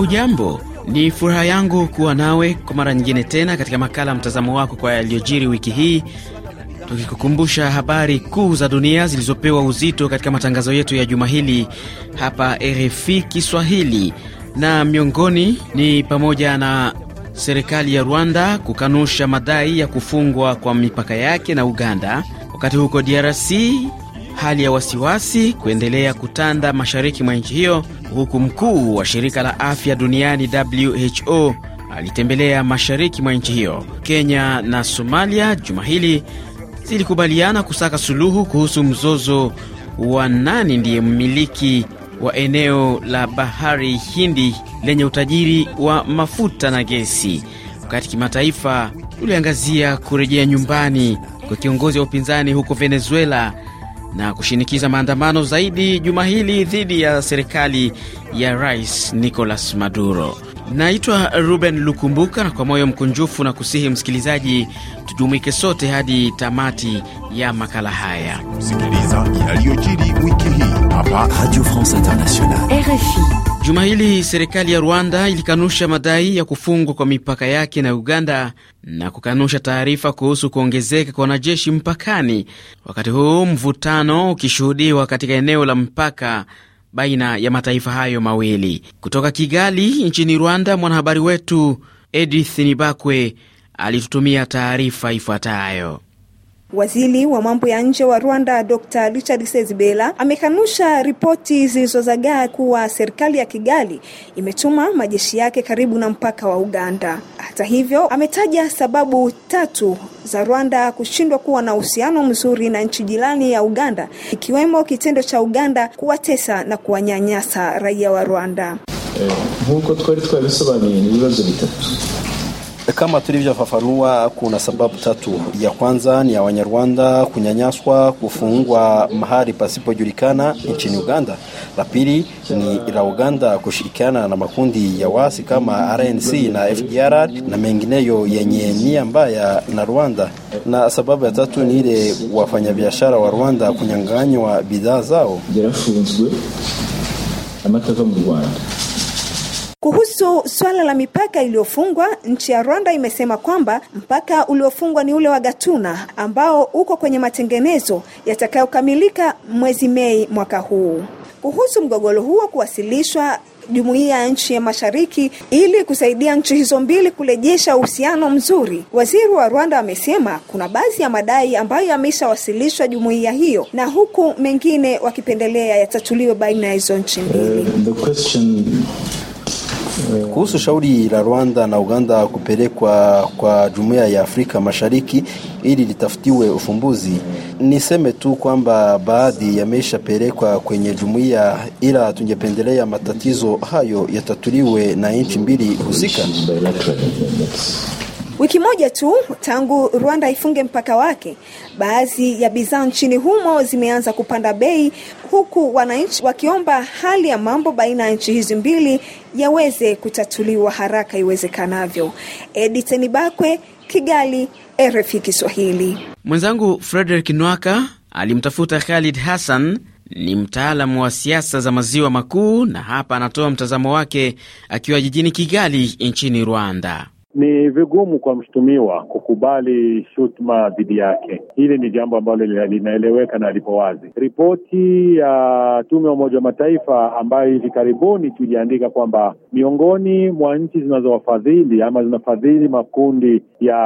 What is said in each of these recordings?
Hujambo, ni furaha yangu kuwa nawe kwa mara nyingine tena katika makala mtazamo wako kwa yaliyojiri wiki hii, tukikukumbusha habari kuu za dunia zilizopewa uzito katika matangazo yetu ya juma hili hapa RFI Kiswahili, na miongoni ni pamoja na serikali ya Rwanda kukanusha madai ya kufungwa kwa mipaka yake na Uganda, wakati huko DRC hali ya wasiwasi kuendelea kutanda mashariki mwa nchi hiyo, huku mkuu wa shirika la afya duniani WHO alitembelea mashariki mwa nchi hiyo. Kenya na Somalia juma hili zilikubaliana kusaka suluhu kuhusu mzozo wa nani ndiye mmiliki wa eneo la bahari Hindi lenye utajiri wa mafuta na gesi. Wakati kimataifa uliangazia kurejea nyumbani kwa kiongozi wa upinzani huko Venezuela na kushinikiza maandamano zaidi juma hili dhidi ya serikali ya Rais Nicolas Maduro. Naitwa Ruben Lukumbuka, na kwa moyo mkunjufu na kusihi msikilizaji, tujumuike sote hadi tamati ya makala haya. Sikiliza yaliyojiri wiki hii. Radio France Internationale, RFI. Juma hili serikali ya Rwanda ilikanusha madai ya kufungwa kwa mipaka yake na Uganda na kukanusha taarifa kuhusu kuongezeka kwa wanajeshi mpakani, wakati huu mvutano ukishuhudiwa katika eneo la mpaka baina ya mataifa hayo mawili. Kutoka Kigali nchini Rwanda, mwanahabari wetu Edith Nibakwe alitutumia taarifa ifuatayo. Waziri wa mambo ya nje wa Rwanda Dr. Richard sezibela amekanusha ripoti zilizozagaa kuwa serikali ya Kigali imetuma majeshi yake karibu na mpaka wa Uganda. Hata hivyo, ametaja sababu tatu za Rwanda kushindwa kuwa na uhusiano mzuri na nchi jirani ya Uganda, ikiwemo kitendo cha Uganda kuwatesa na kuwanyanyasa raia wa Rwanda. Eh, huko bitatu kama tulivyofafanua, kuna sababu tatu. Ya kwanza ni ya Wanyarwanda kunyanyaswa, kufungwa mahali pasipojulikana nchini Uganda. La pili ni la Uganda kushirikiana na makundi ya wasi kama RNC na FDR na mengineyo yenye nia mbaya na Rwanda, na sababu ya tatu ni ile wafanyabiashara wa Rwanda kunyang'anywa bidhaa zao. Kuhusu swala la mipaka iliyofungwa, nchi ya Rwanda imesema kwamba mpaka uliofungwa ni ule wa Gatuna ambao uko kwenye matengenezo yatakayokamilika mwezi Mei mwaka huu. Kuhusu mgogoro huo kuwasilishwa jumuiya ya nchi ya mashariki ili kusaidia nchi hizo mbili kurejesha uhusiano mzuri. Waziri wa Rwanda amesema kuna baadhi ya madai ambayo yameshawasilishwa jumuiya hiyo, na huku mengine wakipendelea yatatuliwe baina ya hizo nchi mbili. Uh, kuhusu shauri la Rwanda na Uganda kupelekwa kwa jumuiya ya Afrika Mashariki ili litafutiwe ufumbuzi, niseme tu kwamba baadhi yameshapelekwa kwenye jumuiya, ila tungependelea matatizo hayo yatatuliwe na nchi mbili husika. Wiki moja tu tangu Rwanda ifunge mpaka wake, baadhi ya bidhaa nchini humo zimeanza kupanda bei, huku wananchi wakiomba hali ya mambo baina ya nchi hizi mbili yaweze kutatuliwa haraka iwezekanavyo. Edith Nibakwe, Kigali, RFI Kiswahili. Mwenzangu Frederick Nwaka alimtafuta Khalid Hassan, ni mtaalamu wa siasa za maziwa makuu, na hapa anatoa mtazamo wake akiwa jijini Kigali nchini Rwanda. Ni vigumu kwa mshtumiwa kukubali shutuma dhidi yake. Hili ni jambo ambalo linaeleweka na lipo wazi. Ripoti ya tume ya Umoja wa Mataifa ambayo hivi karibuni tuliandika kwamba miongoni mwa nchi zinazowafadhili ama zinafadhili makundi ya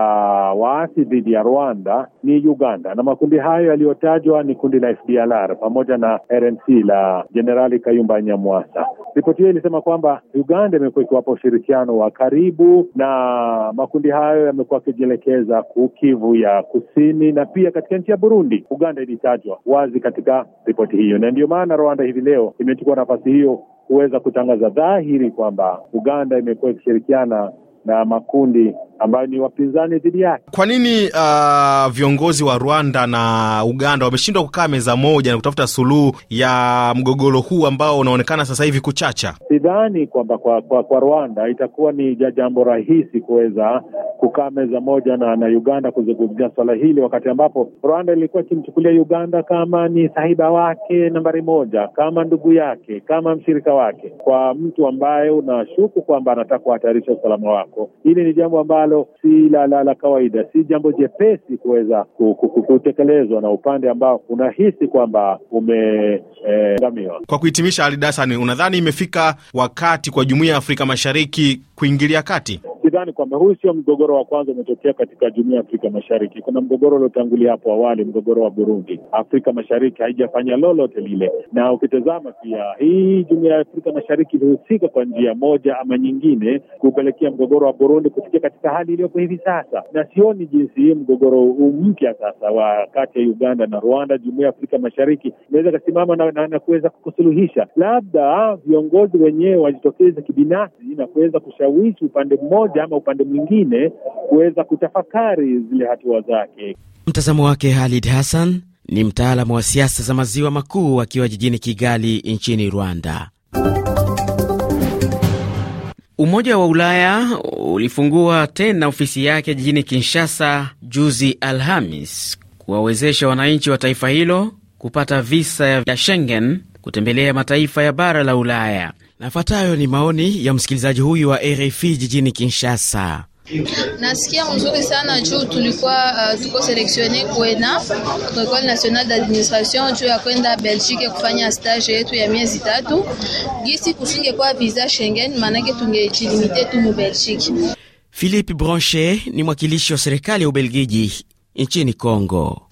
waasi dhidi ya Rwanda ni Uganda, na makundi hayo yaliyotajwa ni kundi la FDLR pamoja na RNC la Jenerali Kayumba Nyamwasa. Ripoti hiyo ilisema kwamba Uganda imekuwa ikiwapa ushirikiano wa karibu na makundi hayo yamekuwa yakijielekeza Kivu ya kusini na pia pia katika nchi ya Burundi. Uganda ilitajwa wazi katika ripoti hiyo, na ndiyo maana Rwanda hivi leo imechukua nafasi hiyo kuweza kutangaza dhahiri kwamba Uganda imekuwa ikishirikiana na makundi ambayo ni wapinzani dhidi yake. Kwa nini uh, viongozi wa Rwanda na Uganda wameshindwa kukaa meza moja na kutafuta suluhu ya mgogoro huu ambao unaonekana sasa hivi kuchacha? Sidhani kwamba kwa, kwa, kwa Rwanda itakuwa ni jambo rahisi kuweza kukaa meza moja na, na Uganda kuzungumzia swala hili, wakati ambapo Rwanda ilikuwa ikimchukulia Uganda kama ni sahiba wake nambari moja, kama ndugu yake, kama mshirika wake. Kwa mtu ambaye unashuku kwamba anataka kuhatarisha usalama wako, hili ni jambo ambayo ambalo si la, la, la kawaida, si jambo jepesi kuweza kutekelezwa na upande ambao unahisi kwamba umeangamiwa. Eh, kwa kuhitimisha, Ali Dasani, unadhani imefika wakati kwa jumuiya ya Afrika Mashariki kuingilia kati? nadhani kwamba huu sio mgogoro wa kwanza umetokea katika jumuia ya Afrika Mashariki. Kuna mgogoro uliotangulia hapo awali, mgogoro wa Burundi. Afrika Mashariki haijafanya lolote lile, na ukitazama pia hii jumuia ya Afrika Mashariki ilihusika kwa njia moja ama nyingine kupelekea mgogoro wa Burundi kufikia katika hali iliyopo hivi sasa, na sioni jinsi hii mgogoro huu mpya sasa wa kati ya Uganda na Rwanda, jumuia ya Afrika Mashariki inaweza ikasimama na, na, na kuweza kusuluhisha. Labda viongozi wenyewe wajitokeze kibinafsi na kuweza kushawishi upande mmoja ama upande mwingine kuweza kutafakari zile hatua zake. Mtazamo wake Halid Hassan ni mtaalamu wa siasa za maziwa makuu akiwa jijini Kigali nchini Rwanda. Umoja wa Ulaya ulifungua tena ofisi yake jijini Kinshasa juzi Alhamis, kuwawezesha wananchi wa taifa hilo kupata visa ya Schengen kutembelea mataifa ya bara la Ulaya. Nafuatayo ni maoni ya msikilizaji huyu wa RFI jijini Kinshasa. Nasikia mzuri sana juu tulikuwa uh, tuko selektione kwena Ecole Nationale d'Administration juu ya kwenda Belgique kufanya stage yetu ya miezi tatu. Gisi kusingekwa visa Schengen, maanake tungejilimite tu mu Belgique. Philippe Branche ni mwakilishi wa serikali ya Ubelgiji nchini Kongo.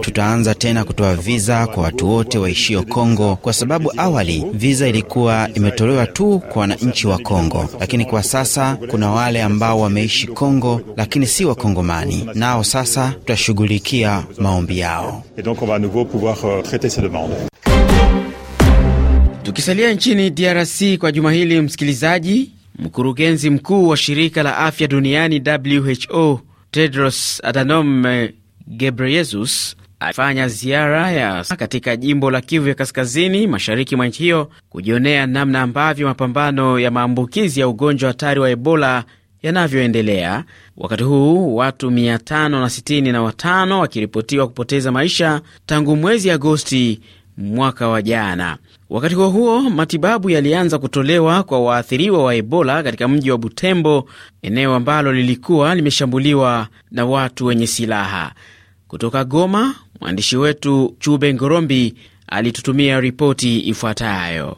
Tutaanza tena kutoa viza kwa watu wote waishio Kongo, kwa sababu awali viza ilikuwa imetolewa tu kwa wananchi wa Kongo, lakini kwa sasa kuna wale ambao wameishi Kongo lakini si Wakongomani, nao sasa tutashughulikia maombi yao. Euh, Tukisalia nchini DRC kwa juma hili, msikilizaji, mkurugenzi mkuu wa shirika la afya duniani WHO Tedros Adhanom Ghebreyesus alifanya ziara ya katika jimbo la Kivu ya kaskazini mashariki mwa nchi hiyo kujionea namna ambavyo mapambano ya maambukizi ya ugonjwa hatari wa Ebola yanavyoendelea, wakati huu watu 565 wakiripotiwa kupoteza maisha tangu mwezi Agosti mwaka wa jana. Wakati huo huo, matibabu yalianza kutolewa kwa waathiriwa wa Ebola katika mji wa Butembo, eneo ambalo lilikuwa limeshambuliwa na watu wenye silaha. Kutoka Goma, mwandishi wetu Chube Ngorombi alitutumia ripoti ifuatayo.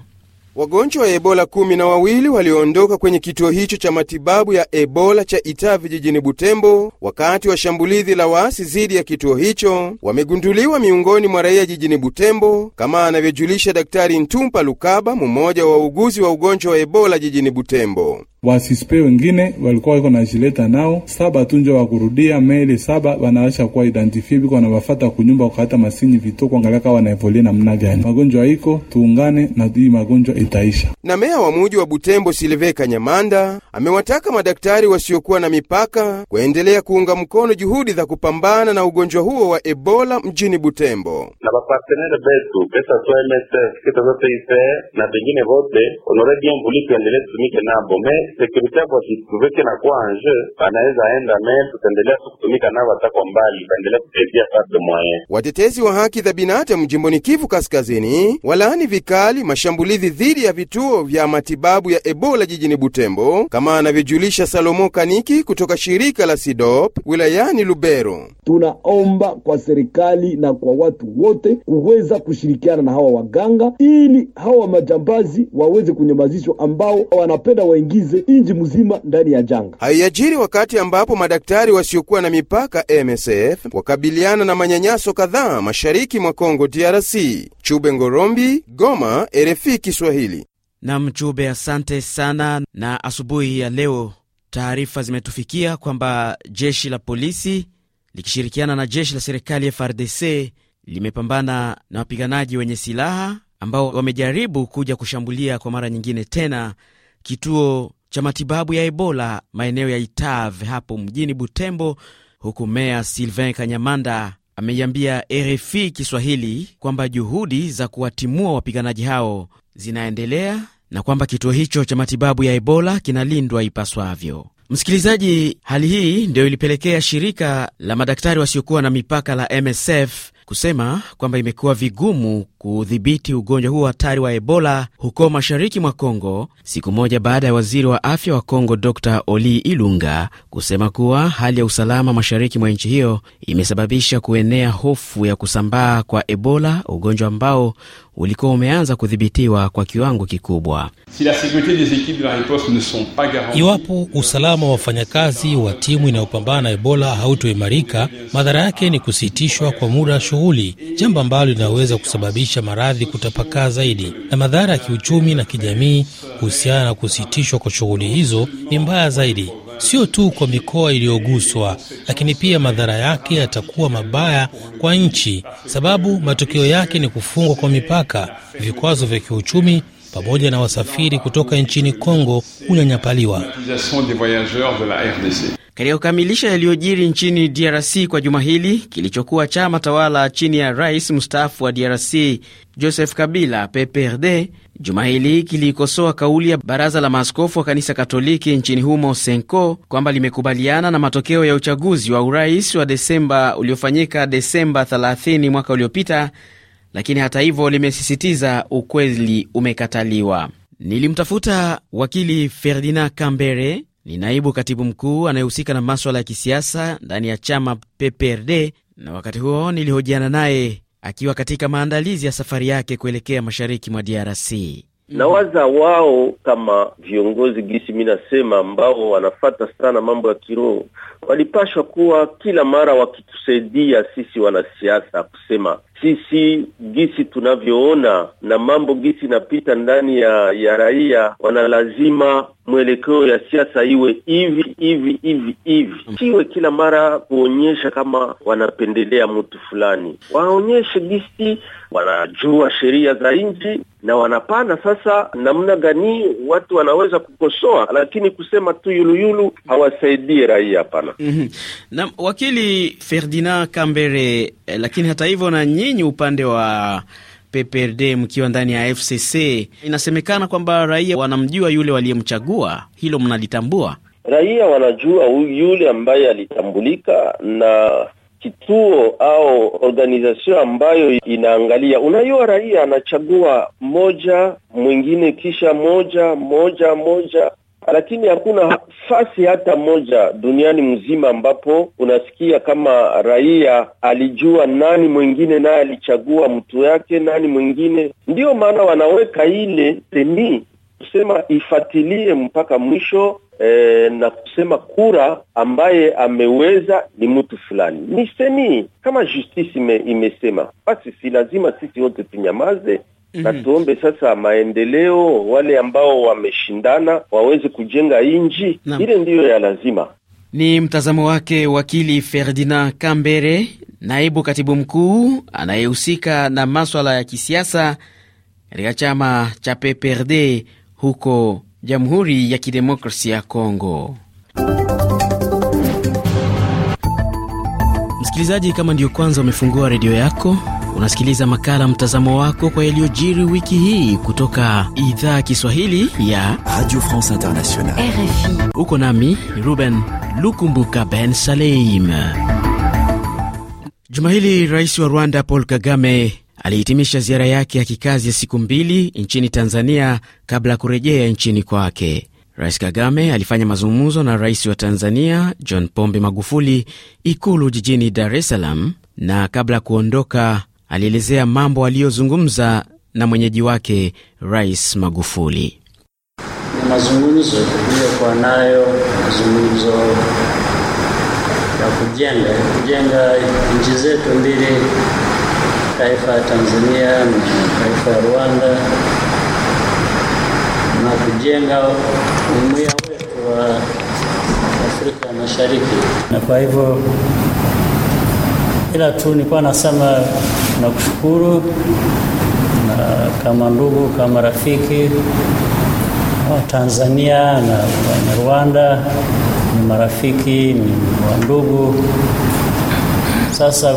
Wagonjwa wa Ebola kumi na wawili walioondoka kwenye kituo hicho cha matibabu ya Ebola cha Itavi jijini Butembo wakati wa shambulizi la waasi dhidi ya kituo hicho wamegunduliwa miongoni mwa raia jijini Butembo, kama anavyojulisha Daktari Ntumpa Lukaba, mmoja wa wauguzi wa ugonjwa wa Ebola jijini Butembo wasispe wengine walikuwa wako na jileta nao saba tu njo wakurudia meli saba wanaacha kuwa identifie biko wanawafata kunyumba kukata masini vito kuangalia kawa wanaevolie namna gani. Magonjwa iko tuungane na hii magonjwa itaisha. Na meya wa muji wa Butembo Silve Kanyamanda amewataka madaktari wasiokuwa na mipaka kuendelea kuunga mkono juhudi za kupambana na ugonjwa huo wa Ebola mjini Butembo na bapartenere betu pesa MSF kita ife na bengine vote honoré bien vuli tuendelee tutumike nabo me sekurite yako asituveke na kuwa anje, anaweza aenda naye, tutaendelea tu kutumika nao hata kwa mbali, baendelea kusaidia kadri mwaye. Watetezi wa haki za binadamu jimboni Kivu Kaskazini walaani vikali mashambulizi dhidi ya vituo vya matibabu ya Ebola jijini Butembo, kama anavyojulisha Salomo Kaniki kutoka shirika la SIDOP wilayani Lubero. Tunaomba kwa serikali na kwa watu wote kuweza kushirikiana na hawa waganga ili hawa majambazi waweze kunyamazishwa ambao wanapenda waingize tuitumbukize inji mzima ndani ya janga. Haiajiri wakati ambapo madaktari wasiokuwa na mipaka MSF wakabiliana na manyanyaso kadhaa mashariki mwa Kongo DRC. Chube Ngorombi, Goma, RFI Kiswahili. Na Mchube, asante sana. Na asubuhi ya leo taarifa zimetufikia kwamba jeshi la polisi likishirikiana na jeshi la serikali FARDC limepambana na wapiganaji wenye silaha ambao wamejaribu kuja kushambulia kwa mara nyingine tena kituo cha matibabu ya Ebola maeneo ya Itave hapo mjini Butembo, huku meya silvin Kanyamanda ameiambia RFI Kiswahili kwamba juhudi za kuwatimua wapiganaji hao zinaendelea na kwamba kituo hicho cha matibabu ya Ebola kinalindwa ipaswavyo. Msikilizaji, hali hii ndiyo ilipelekea shirika la madaktari wasiokuwa na mipaka la MSF kusema kwamba imekuwa vigumu kuudhibiti ugonjwa huo hatari wa Ebola huko mashariki mwa Kongo, siku moja baada ya waziri wa afya wa Kongo Dr Oli Ilunga kusema kuwa hali ya usalama mashariki mwa nchi hiyo imesababisha kuenea hofu ya kusambaa kwa Ebola, ugonjwa ambao ulikuwa umeanza kudhibitiwa kwa kiwango kikubwa. Iwapo usalama wa wafanyakazi wa timu inayopambana na Ebola hautoimarika, madhara yake ni kusitishwa kwa muda shughuli, jambo ambalo linaweza kusababisha kusababisha maradhi kutapakaa zaidi, na madhara ya kiuchumi na kijamii kuhusiana na kusitishwa kwa shughuli hizo ni mbaya zaidi, sio tu kwa mikoa iliyoguswa, lakini pia madhara yake yatakuwa mabaya kwa nchi, sababu matokeo yake ni kufungwa kwa mipaka, vikwazo vya kiuchumi pamoja na wasafiri kutoka nchini Kongo kunyanyapaliwa. Katika kukamilisha yaliyojiri nchini DRC kwa juma hili, kilichokuwa chama tawala chini ya rais mstaafu wa DRC Joseph Kabila, PPRD, juma hili kiliikosoa kauli ya baraza la maaskofu wa kanisa Katoliki nchini humo Senko kwamba limekubaliana na matokeo ya uchaguzi wa urais wa Desemba uliofanyika Desemba 30 mwaka uliopita, lakini hata hivyo limesisitiza ukweli umekataliwa. Nilimtafuta wakili Ferdinand Kambere ni naibu katibu mkuu anayehusika na maswala ya kisiasa ndani ya chama PPRD, na wakati huo nilihojiana naye akiwa katika maandalizi ya safari yake kuelekea mashariki mwa DRC. Nawaza wao kama viongozi gisi, mi nasema ambao wanafata sana mambo ya kiroho, walipashwa kuwa kila mara wakitusaidia sisi wanasiasa kusema sisi gisi tunavyoona na mambo gisi inapita ndani ya ya raia, wanalazima mwelekeo ya siasa iwe hivi hivi hivi hivi, mm. siwe kila mara kuonyesha kama wanapendelea mtu fulani, waonyeshe gisi wanajua sheria za nchi na wanapana sasa namna gani watu wanaweza kukosoa, lakini kusema tu yuluyulu hawasaidie raia, hapana. mm -hmm. Na wakili Ferdinand Kambere, eh, lakini hata hivyo nyi nyinyi upande wa PPRD mkiwa ndani ya FCC, inasemekana kwamba raia wanamjua yule waliyemchagua. Hilo mnalitambua? Raia wanajua yule ambaye alitambulika na kituo au organization ambayo inaangalia. Unajua, raia anachagua moja mwingine, kisha moja moja moja lakini hakuna fasi hata moja duniani mzima ambapo unasikia kama raia alijua nani mwingine naye alichagua mtu yake nani mwingine. Ndiyo maana wanaweka ile semi kusema ifatilie mpaka mwisho e, na kusema kura ambaye ameweza ni mtu fulani. Ni semi kama justice ime, imesema, basi si lazima sisi wote tunyamaze mm -hmm. Na mhm. tuombe sasa maendeleo, wale ambao wameshindana waweze kujenga inji Ile ndiyo ya lazima. Ni mtazamo wake wakili Ferdinand Kambere, naibu katibu mkuu anayehusika na maswala ya kisiasa katika chama cha PPRD huko Jamhuri ya kidemokrasi ya congo Msikilizaji, kama ndiyo kwanza umefungua redio yako Unasikiliza makala mtazamo wako kwa yaliyojiri wiki hii kutoka idhaa Kiswahili ya Radio France Internationale RFI. Uko nami Ruben Lukumbuka Ben Saleim. Juma hili rais wa Rwanda Paul Kagame alihitimisha ziara yake ya kikazi ya siku mbili nchini Tanzania kabla ya kurejea nchini kwake. Rais Kagame alifanya mazungumzo na rais wa Tanzania John Pombe Magufuli Ikulu jijini Dar es Salaam, na kabla ya kuondoka alielezea mambo aliyozungumza na mwenyeji wake Rais Magufuli. Ni mazungumzo iliyokuwa nayo, mazungumzo ya kujenga kujenga nchi zetu mbili, taifa ya Tanzania na taifa ya Rwanda, na kujenga umoja wetu wa Afrika Mashariki, na kwa hivyo ila tu nilikuwa nasema nakushukuru na kama ndugu, kama rafiki wa Tanzania na rwanda ni marafiki, ni wa ndugu Sasa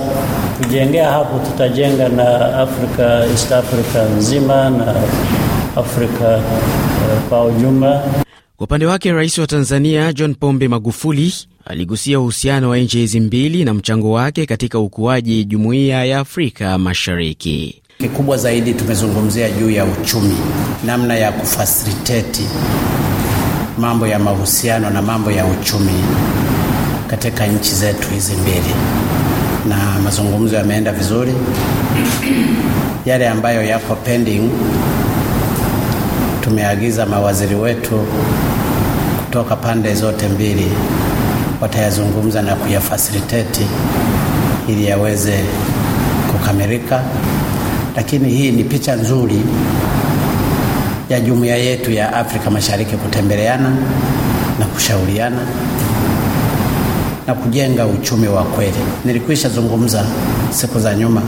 kujengea hapo, tutajenga na Afrika, East Africa nzima na Afrika eh, kwa ujumla. Kwa upande wake, rais wa Tanzania John Pombe Magufuli Aligusia uhusiano wa nchi hizi mbili na mchango wake katika ukuaji jumuiya ya Afrika Mashariki. Kikubwa zaidi tumezungumzia juu ya uchumi, namna ya kufasiliteti mambo ya mahusiano na mambo ya uchumi katika nchi zetu hizi mbili, na mazungumzo yameenda vizuri. Yale ambayo yako pending tumeagiza mawaziri wetu kutoka pande zote mbili watayazungumza na kuyafasiliteti ili yaweze kukamilika. Lakini hii ni picha nzuri ya jumuiya yetu ya Afrika Mashariki kutembeleana na kushauriana na kujenga uchumi wa kweli. Nilikwisha zungumza siku za nyuma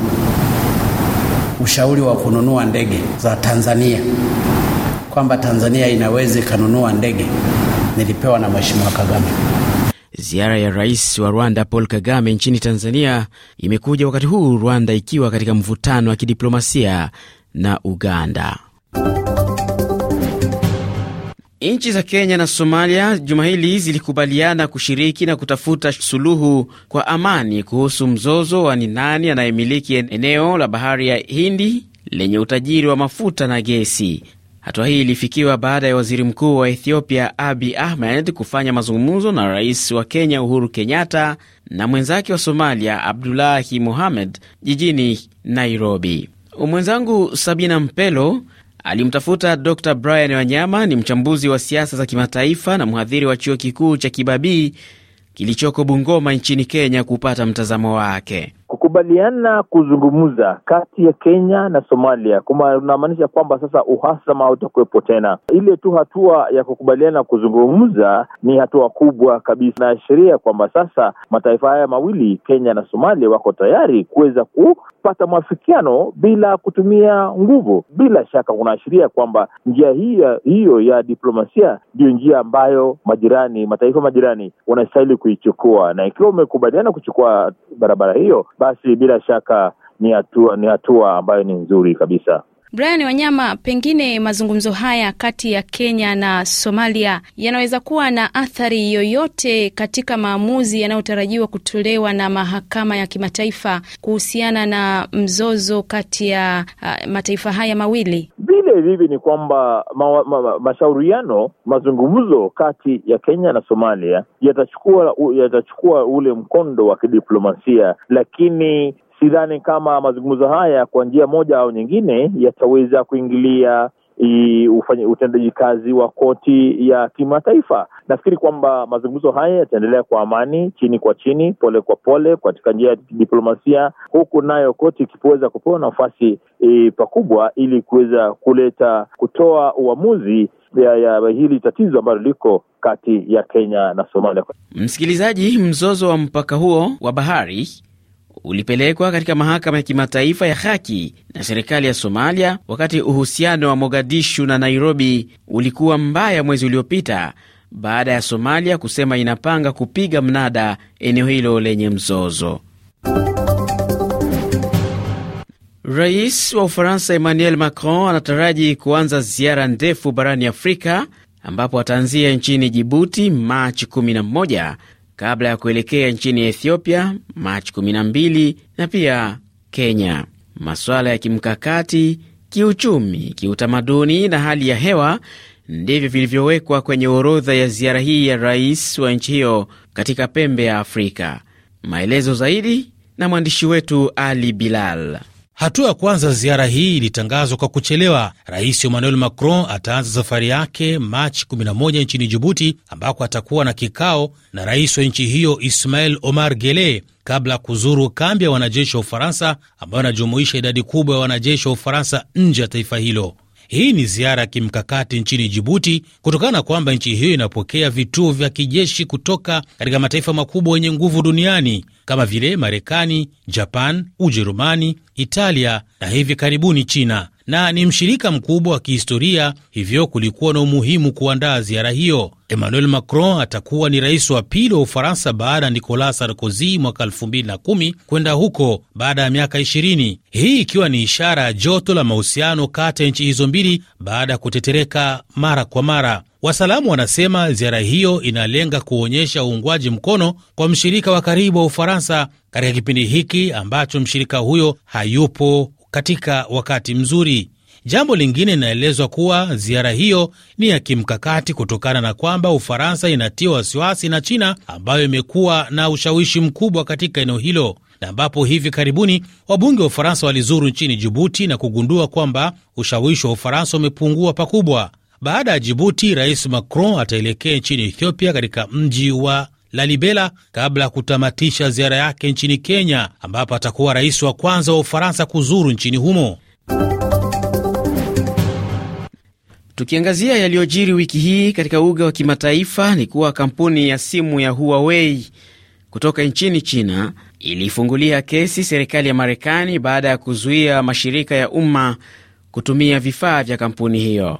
ushauri wa kununua ndege za Tanzania kwamba Tanzania inaweza ikanunua ndege, nilipewa na Mheshimiwa Kagame. Ziara ya rais wa Rwanda Paul Kagame nchini Tanzania imekuja wakati huu Rwanda ikiwa katika mvutano wa kidiplomasia na Uganda. Nchi za Kenya na Somalia juma hili zilikubaliana kushiriki na kutafuta suluhu kwa amani kuhusu mzozo wa ni nani anayemiliki eneo la bahari ya Hindi lenye utajiri wa mafuta na gesi Hatua hii ilifikiwa baada ya waziri mkuu wa Ethiopia Abi Ahmed kufanya mazungumzo na rais wa Kenya Uhuru Kenyatta na mwenzake wa Somalia Abdulahi Mohamed jijini Nairobi. Mwenzangu Sabina Mpelo alimtafuta Dr Brian Wanyama, ni mchambuzi wa siasa za kimataifa na mhadhiri wa chuo kikuu cha Kibabii kilichoko Bungoma nchini Kenya, kupata mtazamo wake kukubaliana kuzungumza kati ya Kenya na Somalia kunamaanisha kwamba sasa uhasama hautakuwepo tena. Ile tu hatua ya kukubaliana kuzungumza ni hatua kubwa kabisa, inaashiria kwamba sasa mataifa haya mawili Kenya na Somalia wako tayari kuweza kupata mwafikiano bila kutumia nguvu. Bila shaka kunaashiria kwamba njia hiyo hiyo ya diplomasia ndiyo njia ambayo majirani, mataifa majirani wanastahili kuichukua, na ikiwa umekubaliana kuchukua barabara hiyo basi bila shaka ni hatua ni hatua ambayo ni nzuri kabisa. Brian Wanyama, pengine mazungumzo haya kati ya Kenya na Somalia yanaweza kuwa na athari yoyote katika maamuzi yanayotarajiwa kutolewa na mahakama ya kimataifa kuhusiana na mzozo kati ya uh, mataifa haya mawili? Vile vivi ni kwamba ma, ma, ma, mashauriano, mazungumzo kati ya Kenya na Somalia yatachukua yatachukua ule mkondo wa kidiplomasia, lakini sidhani kama mazungumzo haya kwa njia moja au nyingine yataweza kuingilia utendaji kazi wa koti ya kimataifa. Nafikiri kwamba mazungumzo haya yataendelea kwa amani, chini kwa chini, pole kwa pole, katika njia ya kidiplomasia huku nayo koti ikipoweza kupewa nafasi e, pakubwa, ili kuweza kuleta kutoa uamuzi ya, ya hili tatizo ambalo liko kati ya Kenya na Somalia. Msikilizaji, mzozo wa mpaka huo wa bahari ulipelekwa katika mahakama ya kimataifa ya haki na serikali ya Somalia wakati uhusiano wa Mogadishu na Nairobi ulikuwa mbaya mwezi uliopita baada ya Somalia kusema inapanga kupiga mnada eneo hilo lenye mzozo. Rais wa Ufaransa Emmanuel Macron anataraji kuanza ziara ndefu barani Afrika ambapo ataanzia nchini Jibuti Machi 11 kabla ya kuelekea nchini Ethiopia Machi 12 na pia Kenya. Masuala ya kimkakati, kiuchumi, kiutamaduni na hali ya hewa ndivyo vilivyowekwa kwenye orodha ya ziara hii ya rais wa nchi hiyo katika pembe ya Afrika. Maelezo zaidi na mwandishi wetu Ali Bilal. Hatua ya kwanza ziara hii ilitangazwa kwa kuchelewa. Rais Emmanuel Macron ataanza safari yake Machi 11 nchini Jibuti, ambako atakuwa na kikao na rais wa nchi hiyo Ismail Omar Gele kabla ya kuzuru kambi ya wanajeshi wa Ufaransa ambayo inajumuisha idadi kubwa ya wanajeshi wa Ufaransa nje ya taifa hilo. Hii ni ziara ya kimkakati nchini Jibuti kutokana na kwamba nchi hiyo inapokea vituo vya kijeshi kutoka katika mataifa makubwa yenye nguvu duniani kama vile Marekani, Japan, Ujerumani, Italia na hivi karibuni China, na ni mshirika mkubwa wa kihistoria, hivyo kulikuwa na umuhimu kuandaa ziara hiyo. Emmanuel Macron atakuwa ni rais wa pili wa Ufaransa baada ya Nicolas Sarkozy mwaka 2010 kwenda huko baada ya miaka 20, hii ikiwa ni ishara ya joto la mahusiano kati ya nchi hizo mbili baada ya kutetereka mara kwa mara. Wasalamu wanasema ziara hiyo inalenga kuonyesha uungwaji mkono kwa mshirika wa karibu wa Ufaransa katika kipindi hiki ambacho mshirika huyo hayupo katika wakati mzuri. Jambo lingine linaelezwa kuwa ziara hiyo ni ya kimkakati kutokana na kwamba Ufaransa inatia wasiwasi na China ambayo imekuwa na ushawishi mkubwa katika eneo hilo na ambapo hivi karibuni wabunge wa Ufaransa walizuru nchini Jibuti na kugundua kwamba ushawishi wa Ufaransa umepungua pakubwa. Baada ya Jibuti, Rais Macron ataelekea nchini Ethiopia katika mji wa Lalibela kabla ya kutamatisha ziara yake nchini Kenya, ambapo atakuwa rais wa kwanza wa Ufaransa kuzuru nchini humo. Tukiangazia yaliyojiri wiki hii katika uga wa kimataifa ni kuwa kampuni ya simu ya Huawei kutoka nchini China iliifungulia kesi serikali ya Marekani baada ya kuzuia mashirika ya umma kutumia vifaa vya kampuni hiyo.